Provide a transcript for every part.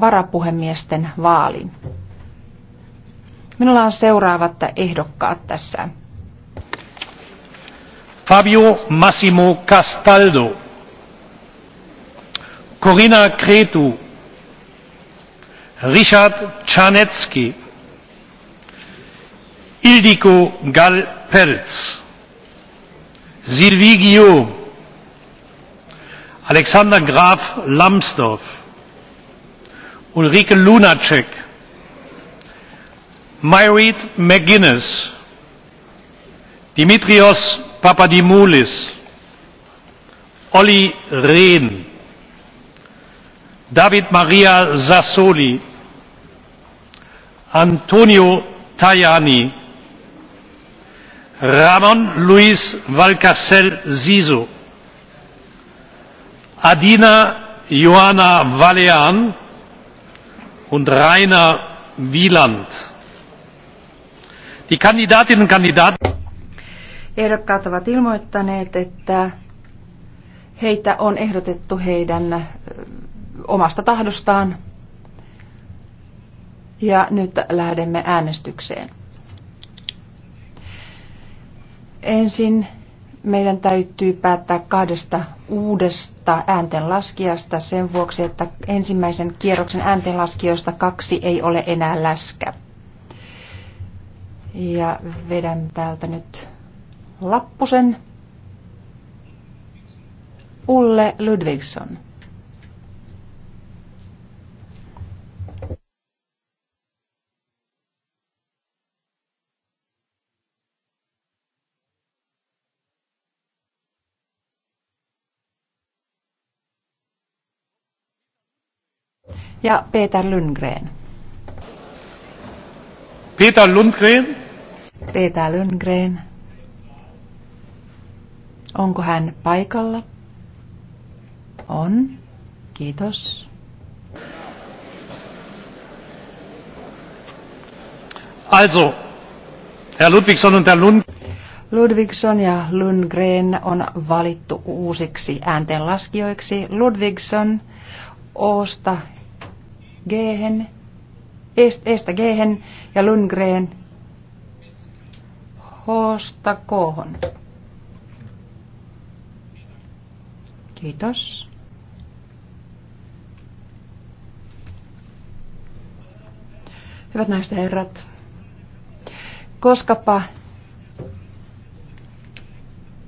varapuhemiesten vaalin. Minulla on seuraavat ehdokkaat tässä. Fabio Massimo Castaldo, Corina Cretu. Richard Czarnecki, Ildiko Galpelz. Sylvie Guillaume, Alexander Graf Lambsdorff, Ulrike Lunacek, Myreed McGuinness, Dimitrios Papadimoulis, Olli Rehn, David Maria Sassoli, Antonio Tajani, Ramon Luis Valcarcel Siso, Adina Joana Valean, und rainer wieland. Die Kandidatinnen und Kandidaten Ehdokkaat ovat ilmoittaneet, että heitä on ehdotettu heidän omasta tahdostaan. Ja nyt lähdemme äänestykseen. Ensin meidän täytyy päättää kahdesta uudesta ääntenlaskijasta sen vuoksi, että ensimmäisen kierroksen ääntenlaskijoista kaksi ei ole enää läskä. Ja vedän täältä nyt lappusen. Ulle Ludvigsson. ja Peter Lundgren. Peter Lundgren? Peter Lundgren. Onko hän paikalla? On. Kiitos. Also, Herr Ludwigson und Herr Lund. Ludwigson ja Lundgren on valittu uusiksi ääntenlaskijoiksi. Ludwigson Oosta Gehen, eestä Gehen ja Lundgren Hosta kohon. Kiitos. Hyvät naiset ja herrat, koskapa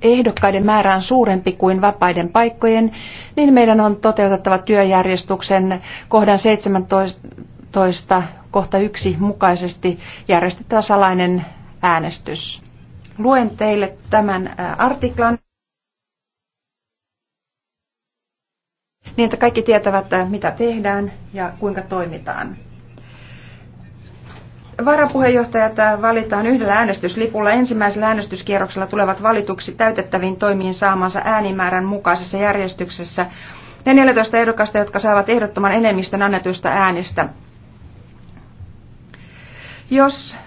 ehdokkaiden määrä on suurempi kuin vapaiden paikkojen, niin meidän on toteutettava työjärjestyksen kohdan 17 kohta 1 mukaisesti järjestettävä salainen äänestys. Luen teille tämän artiklan. Niin, että kaikki tietävät, mitä tehdään ja kuinka toimitaan. Varapuheenjohtajat valitaan yhdellä äänestyslipulla. Ensimmäisellä äänestyskierroksella tulevat valituksi täytettäviin toimiin saamansa äänimäärän mukaisessa järjestyksessä ne 14 ehdokasta, jotka saavat ehdottoman enemmistön annetuista äänistä. Jos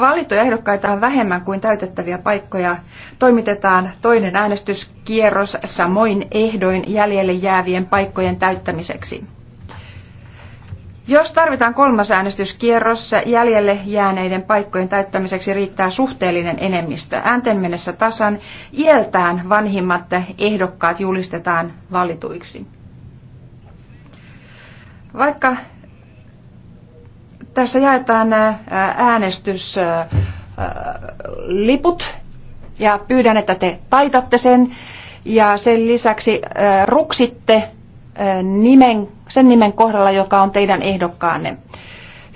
valittuja ehdokkaita on vähemmän kuin täytettäviä paikkoja, toimitetaan toinen äänestyskierros samoin ehdoin jäljelle jäävien paikkojen täyttämiseksi. Jos tarvitaan kolmas äänestyskierros, jäljelle jääneiden paikkojen täyttämiseksi riittää suhteellinen enemmistö. Äänten mennessä tasan iältään vanhimmat ehdokkaat julistetaan valituiksi. Vaikka tässä jaetaan äänestysliput ja pyydän, että te taitatte sen ja sen lisäksi ruksitte nimen, sen nimen kohdalla, joka on teidän ehdokkaanne.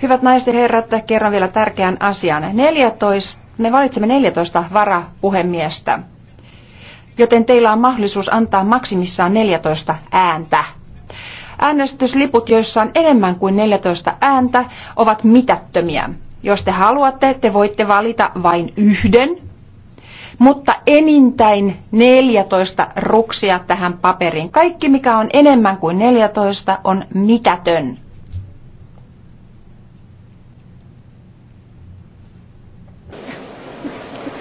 Hyvät naiset ja herrat, kerron vielä tärkeän asian. 14, me valitsemme 14 varapuhemiestä, joten teillä on mahdollisuus antaa maksimissaan 14 ääntä. Äänestysliput, joissa on enemmän kuin 14 ääntä, ovat mitättömiä. Jos te haluatte, te voitte valita vain yhden mutta enintäin 14 ruksia tähän paperiin. Kaikki, mikä on enemmän kuin 14, on mitätön.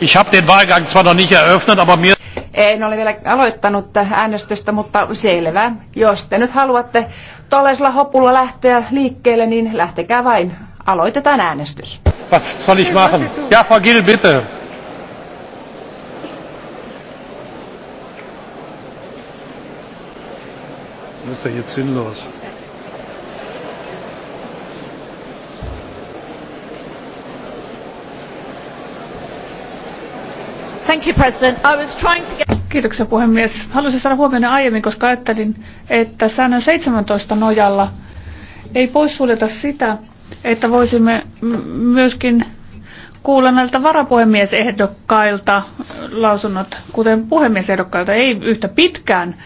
Ich habe den Wahlgang zwar noch nicht eröffnet, aber mir en ole vielä aloittanut äänestystä, mutta selvä. Jos te nyt haluatte tuollaisella hopulla lähteä liikkeelle, niin lähtekää vain. Aloitetaan äänestys. Was soll ich machen? Ja, Frau Gill, bitte. ist ja jetzt sinnlos. Thank you, President. I was trying to get... Kiitoksia puhemies. Halusin saada huomioon aiemmin, koska ajattelin, että säännön 17 nojalla ei poissuljeta sitä, että voisimme myöskin kuulla näiltä varapuhemiesehdokkailta lausunnot, kuten puhemiesehdokkailta, ei yhtä pitkään,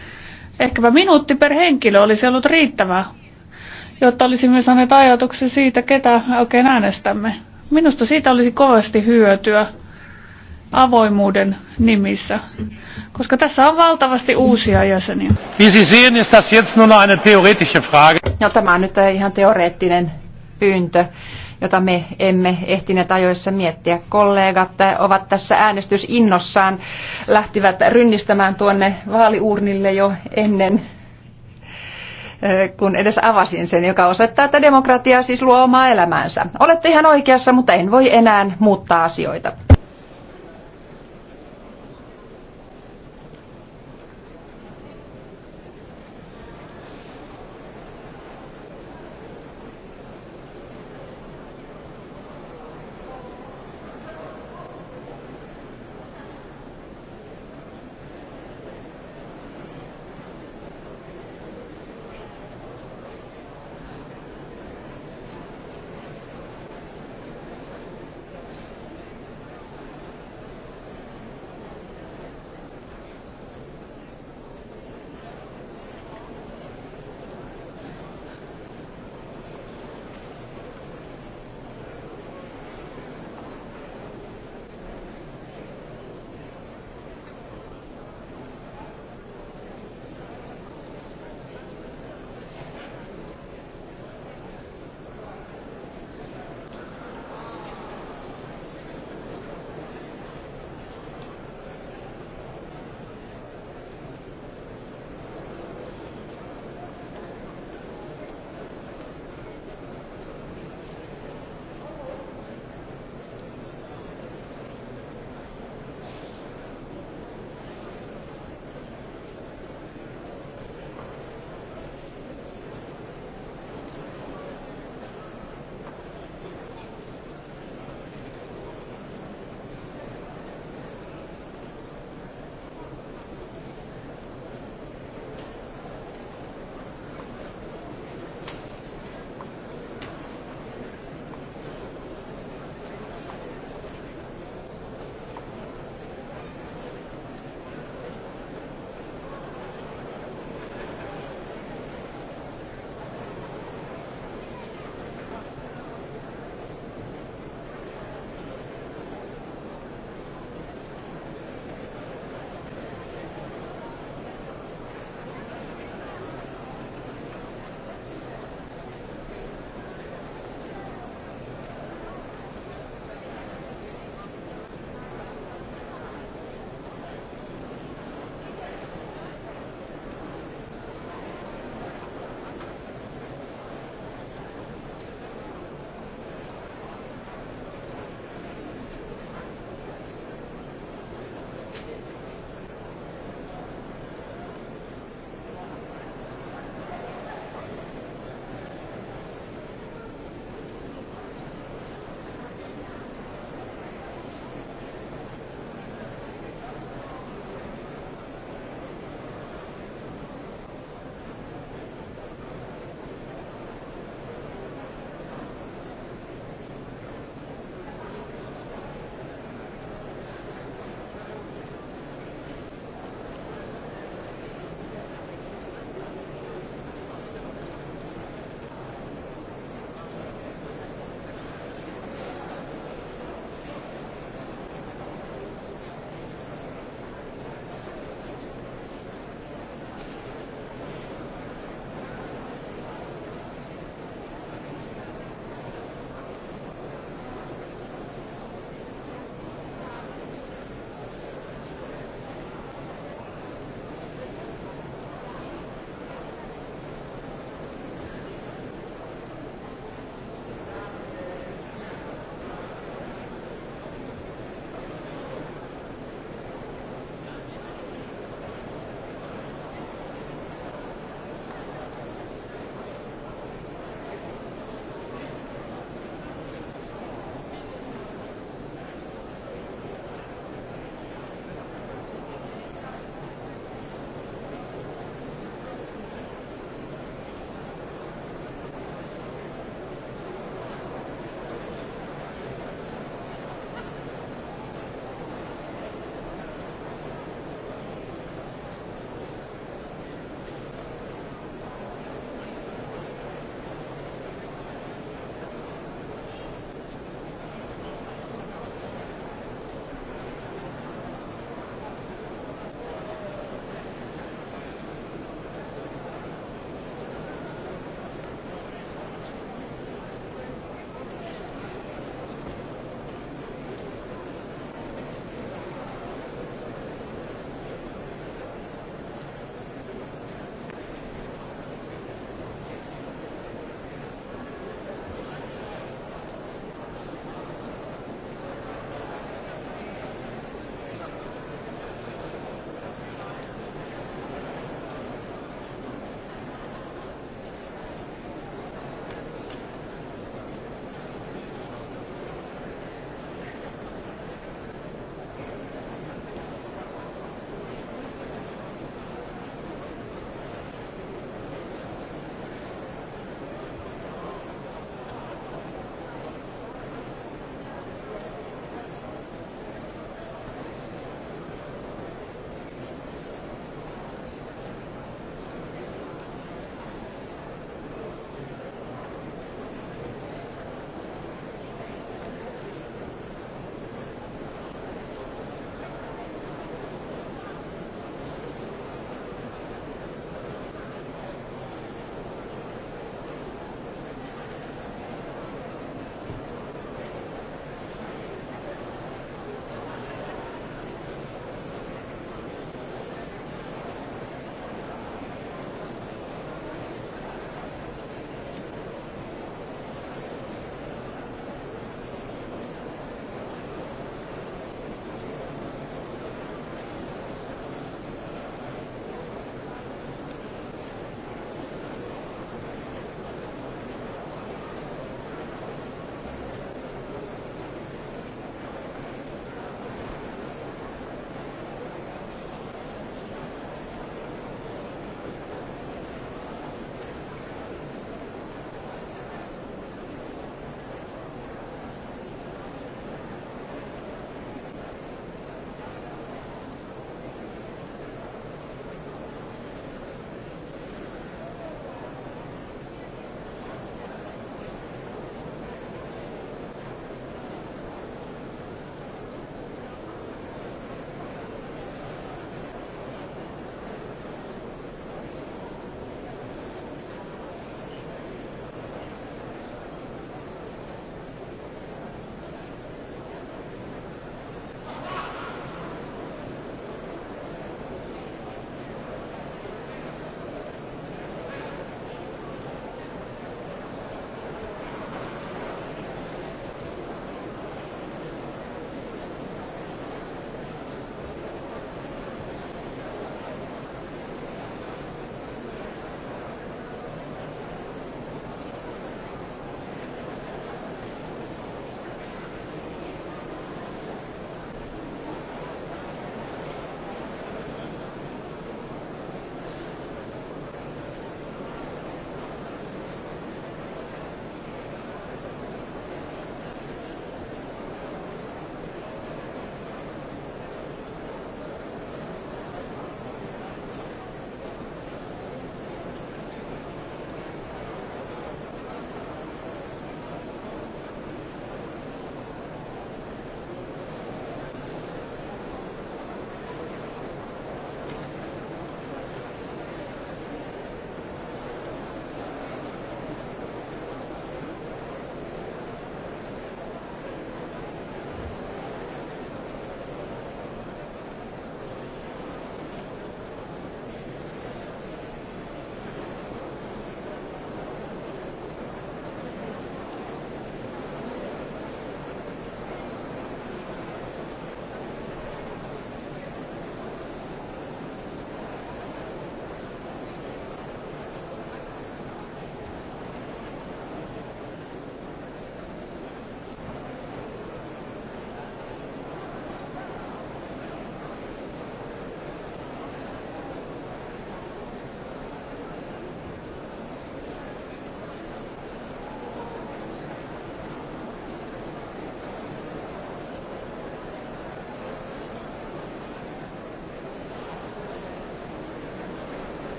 Ehkäpä minuutti per henkilö olisi ollut riittävää, jotta olisimme saaneet ajatuksen siitä, ketä oikein äänestämme. Minusta siitä olisi kovasti hyötyä avoimuuden nimissä, koska tässä on valtavasti uusia jäseniä. sehen, ist das jetzt nur eine Frage. No, tämä on nyt ihan teoreettinen pyyntö jota me emme ehtineet ajoissa miettiä. Kollegat ovat tässä äänestysinnossaan, lähtivät rynnistämään tuonne vaaliurnille jo ennen eh, kun edes avasin sen, joka osoittaa, että demokratia siis luo omaa elämäänsä. Olette ihan oikeassa, mutta en voi enää muuttaa asioita.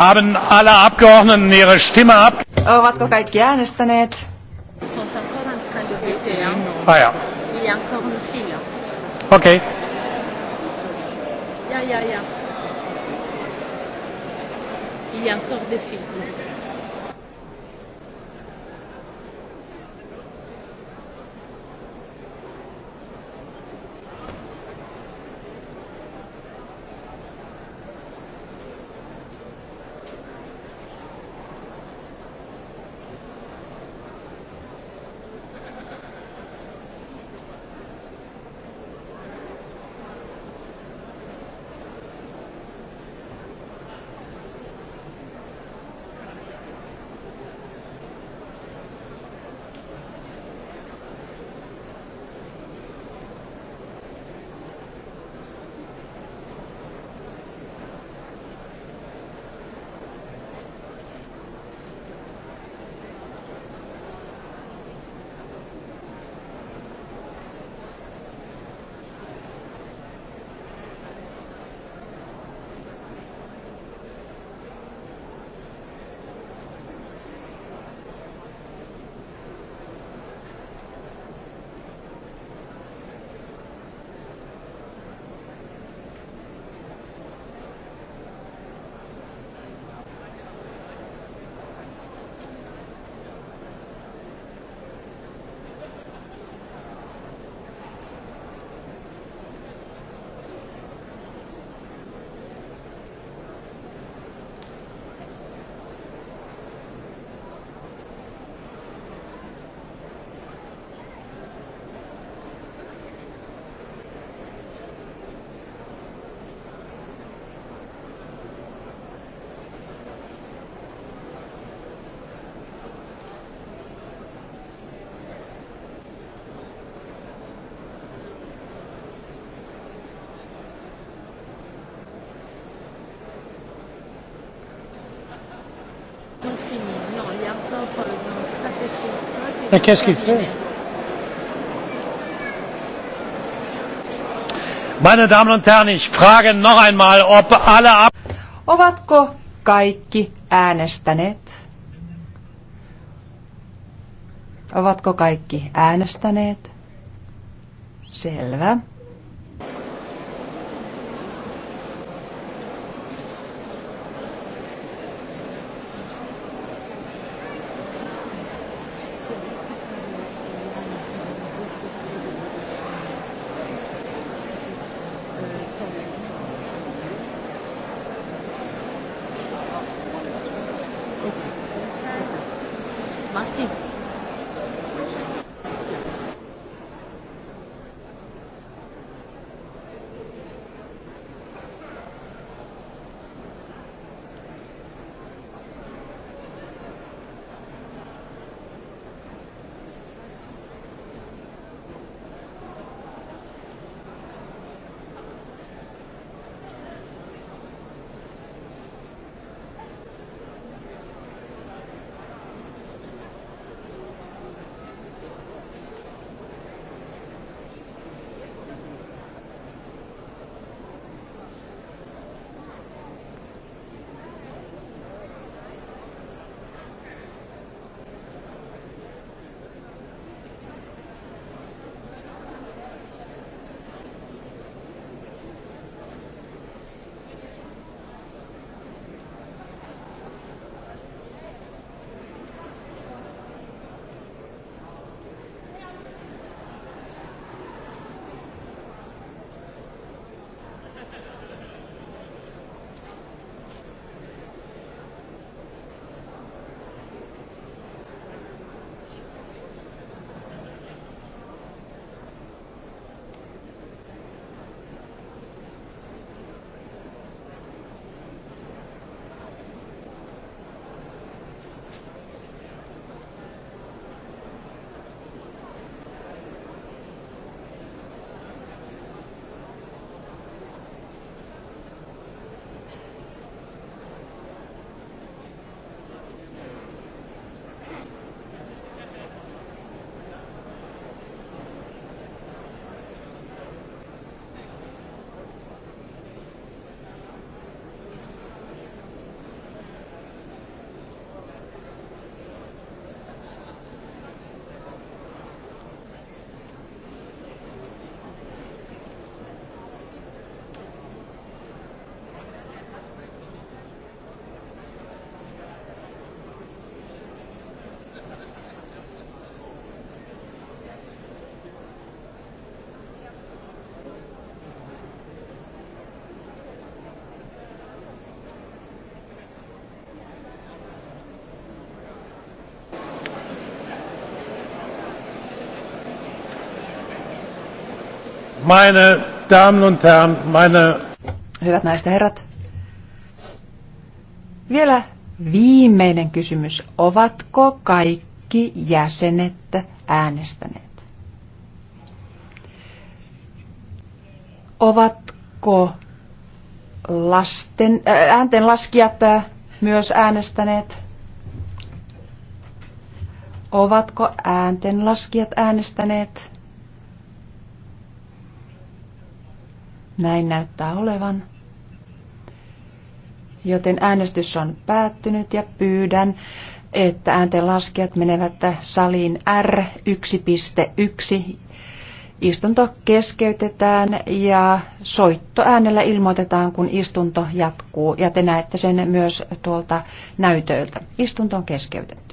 Haben alle Abgeordneten ihre Stimme ab? Ovatko kaikki äänestäneet? Ah ja. Okay. Ja, ja, ja. Il y a encore des filles. pas, par Mais qu'est-ce qu'il fait Meine Damen und Herren, ich frage noch einmal, ob alle ab Ovatko kaikki äänestäneet? Ovatko kaikki äänestäneet? Selvä. Meine Damen und Herren, meine... Hyvät naiset ja herrat. Vielä viimeinen kysymys. Ovatko kaikki jäsenet äänestäneet? Ovatko lasten, äh, äänten laskijat äh, myös äänestäneet? Ovatko äänten laskijat äänestäneet? Näin näyttää olevan. Joten äänestys on päättynyt ja pyydän, että laskijat menevät saliin R1.1. Istunto keskeytetään ja äänellä ilmoitetaan, kun istunto jatkuu. Ja te näette sen myös tuolta näytöiltä. Istunto on keskeytetty.